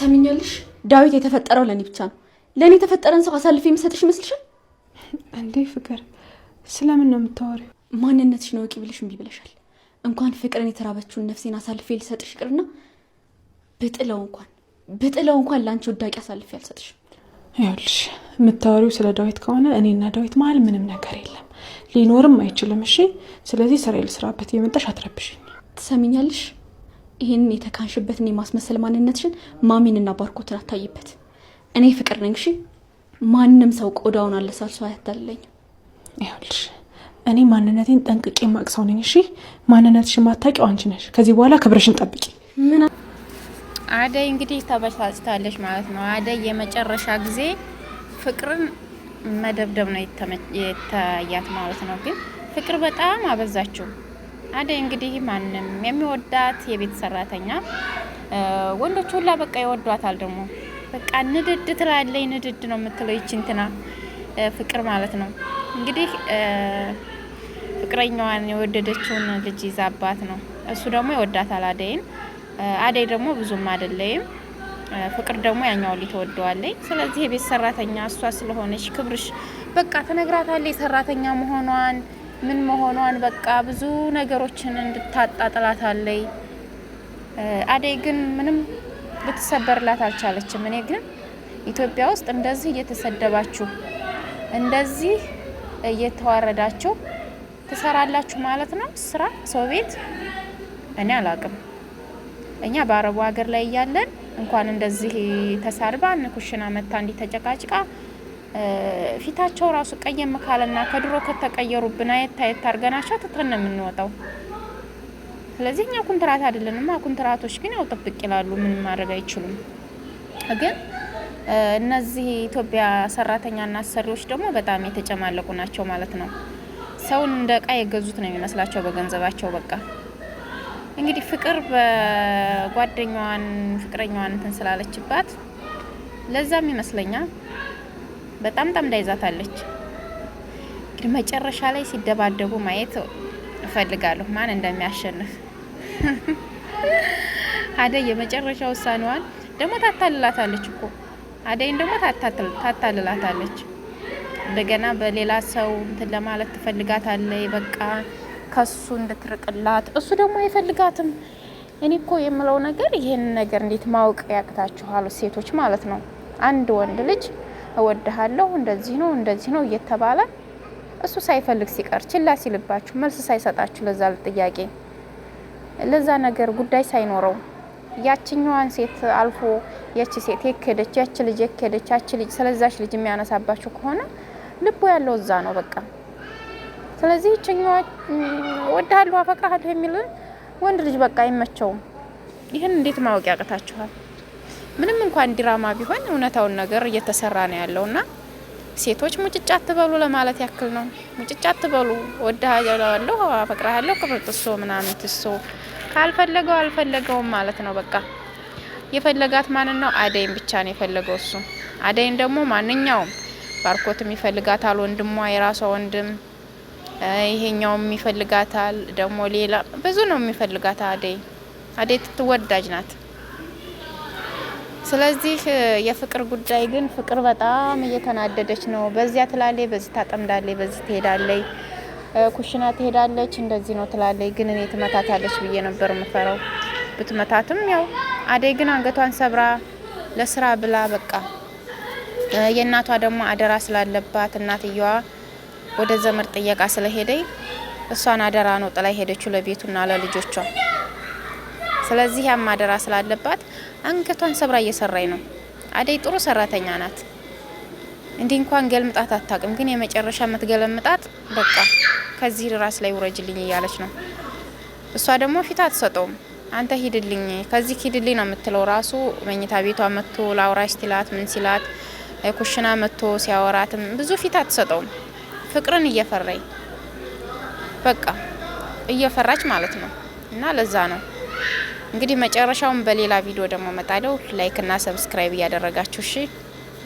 ሰሚኛልሽ ዳዊት የተፈጠረው ለእኔ ብቻ ነው። ለእኔ የተፈጠረን ሰው አሳልፌ የምሰጥሽ ይመስልሻል እንዴ? ፍቅር ስለምን ነው የምታወሪው? ነው እወቂ ብልሽ እምቢ ብለሻል። እንኳን ፍቅርን የተራበችውን ነፍሴን አሳልፌ ልሰጥሽ ይቅርና ብጥለው እንኳን ብጥለው እንኳን ለአንቺ ወዳቂ አሳልፌ አልሰጥሽ። ይኸውልሽ የምታወሪው ስለ ዳዊት ከሆነ እኔና ዳዊት መሀል ምንም ነገር የለም፣ ሊኖርም አይችልም። እሺ፣ ስለዚህ ስራ ልስራበት፣ የመጣሽ አትረብሽኝ። ትሰሚኛለሽ? ይህን የተካንሽበትን የማስመሰል ማንነትሽን ማሚንና ባርኮትን አታይበት። እኔ ፍቅር ነኝ። ሺ ማንም ሰው ቆዳውን አለሳልሶ አያታልለኝ ይኸውልሽ እኔ ማንነቴን ጠንቅቄ የማቅሰው ነኝ። ሺ ማንነትሽን ማታውቂው አንቺ ነሽ። ከዚህ በኋላ ክብርሽን ጠብቂ። ምን አደይ እንግዲህ ተበሳጭታለች ማለት ነው። አደይ የመጨረሻ ጊዜ ፍቅርን መደብደብ ነው የታያት ማለት ነው። ግን ፍቅር በጣም አበዛችው። አደይ እንግዲህ ማንም የሚወዳት የቤት ሰራተኛ ወንዶች ሁላ በቃ ይወዷታል። ደግሞ በቃ ንድድ ትላለች። ንድድ ነው የምትለው ይቺ እንትና ፍቅር ማለት ነው እንግዲህ ፍቅረኛዋን የወደደችውን ልጅ ይዛባት ነው። እሱ ደግሞ ይወዳታል አደይን። አደይ ደግሞ ብዙም አይደለም። ፍቅር ደግሞ ያኛው ልጅ ትወደዋለች። ስለዚህ የቤት ሰራተኛ እሷ ስለሆነች ክብርሽ በቃ ትነግራታለች ሰራተኛ መሆኗን ምን መሆኗን በቃ ብዙ ነገሮችን እንድታጣ እንድታጣጥላታለይ። አደይ ግን ምንም ልትሰበርላት አልቻለችም። እኔ ግን ኢትዮጵያ ውስጥ እንደዚህ እየተሰደባችሁ እንደዚህ እየተዋረዳችሁ ትሰራላችሁ ማለት ነው ስራ ሰው ቤት እኔ አላቅም። እኛ በአረቡ ሀገር ላይ እያለን እንኳን እንደዚህ ተሳድባ ንኩሽና መታ እንዲህ ተጨቃጭቃ ፊታቸው ራሱ ቀየም ካለና ከድሮ ከተቀየሩብን አየት አየት አድርገናቸው ትተን ነው የምንወጣው። ስለዚህ እኛ ኩንትራት አይደለንማ። ኩንትራቶች ግን ያው ጥብቅ ይላሉ፣ ምንም ማድረግ አይችሉም። ግን እነዚህ ኢትዮጵያ ሰራተኛና አሰሪዎች ደግሞ በጣም የተጨማለቁ ናቸው ማለት ነው። ሰውን እንደ እቃ የገዙት ነው የሚመስላቸው በገንዘባቸው። በቃ እንግዲህ ፍቅር በጓደኛዋን ፍቅረኛዋን እንትን ስላለችባት ለዛም ይመስለኛል በጣም ጠምዳ ይዛታለች። ግን መጨረሻ ላይ ሲደባደቡ ማየት እፈልጋለሁ ማን እንደሚያሸንፍ። አደይ የመጨረሻ ውሳኔዋን ደግሞ ታታልላታለች እኮ አደይን ደግሞ ታታልላታለች። እንደገና በሌላ ሰው እንትን ለማለት ትፈልጋታለች። በቃ ከሱ እንድትርቅላት እሱ ደግሞ አይፈልጋትም። እኔ እኮ የምለው ነገር ይህን ነገር እንዴት ማወቅ ያቅታችኋል ሴቶች ማለት ነው አንድ ወንድ ልጅ እወድሃለሁ፣ እንደዚህ ነው እንደዚህ ነው እየተባለ እሱ ሳይፈልግ ሲቀር ችላ ሲልባችሁ መልስ ሳይሰጣችሁ ለዛ ጥያቄ ለዛ ነገር ጉዳይ ሳይኖረው ያችኛዋን ሴት አልፎ ያቺ ሴት የከደች ያቺ ልጅ የከደች ያቺ ልጅ ስለዛች ልጅ የሚያነሳባችሁ ከሆነ ልቦ ያለው እዛ ነው በቃ። ስለዚህ ይችኛዋ ወዳለሁ አፈቃሃለሁ የሚል ወንድ ልጅ በቃ አይመቸውም። ይህን እንዴት ማወቅ ያቅታችኋል? ምንም እንኳን ድራማ ቢሆን እውነታውን ነገር እየተሰራ ነው ያለውና ሴቶች ሙጭጫ አትበሉ ለማለት ያክል ነው። ሙጭጫ አትበሉ። ወድሃለሁ፣ አፈቅርሃለሁ፣ ክብር ጥሶ ምናምን ትሶ ካልፈለገው አልፈለገውም ማለት ነው። በቃ የፈለጋት ማን ነው? አደይን ብቻ ነው የፈለገው እሱ። አደይን ደግሞ ማንኛውም ባርኮትም ይፈልጋታል፣ ወንድሟ የራሷ ወንድም ይሄኛውም ይፈልጋታል፣ ደግሞ ሌላ ብዙ ነው የሚፈልጋት አደይ። አደይ ትወዳጅ ናት። ስለዚህ የፍቅር ጉዳይ ግን ፍቅር በጣም እየተናደደች ነው። በዚያ ትላለች፣ በዚህ ታጠምዳለች፣ በዚህ ትሄዳለች፣ ኩሽና ትሄዳለች፣ እንደዚህ ነው ትላለች። ግን እኔ ትመታታለች ብዬ ነበር ምፈረው። ብትመታትም ያው አደይ ግን አንገቷን ሰብራ ለስራ ብላ በቃ የእናቷ ደግሞ አደራ ስላለባት እናትየዋ ወደ ዘመድ ጥየቃ ስለሄደኝ እሷን አደራ ነው ጥላ ሄደችው ለቤቱና ለልጆቿ። ስለዚህ ያም አደራ ስላለባት አንገቷን ሰብራ እየሰራኝ ነው። አደይ ጥሩ ሰራተኛ ናት። እንዲህ እንኳን ገልምጣት አታውቅም፣ ግን የመጨረሻ የምትገለምጣት በቃ ከዚህ ራስ ላይ ውረጅልኝ እያለች ነው። እሷ ደግሞ ፊት አትሰጠውም። አንተ ሂድልኝ፣ ከዚህ ሂድልኝ ነው የምትለው። ራሱ መኝታ ቤቷ መጥቶ ላውራ ትላት፣ ምን ሲላት፣ ኩሽና መጥቶ ሲያወራትም ብዙ ፊት አትሰጠውም። ፍቅርን እየፈራኝ በቃ እየፈራች ማለት ነው እና ለዛ ነው እንግዲህ መጨረሻውን በሌላ ቪዲዮ ደግሞ መጣለው። ላይክ እና ሰብስክራይብ እያደረጋችሁ እሺ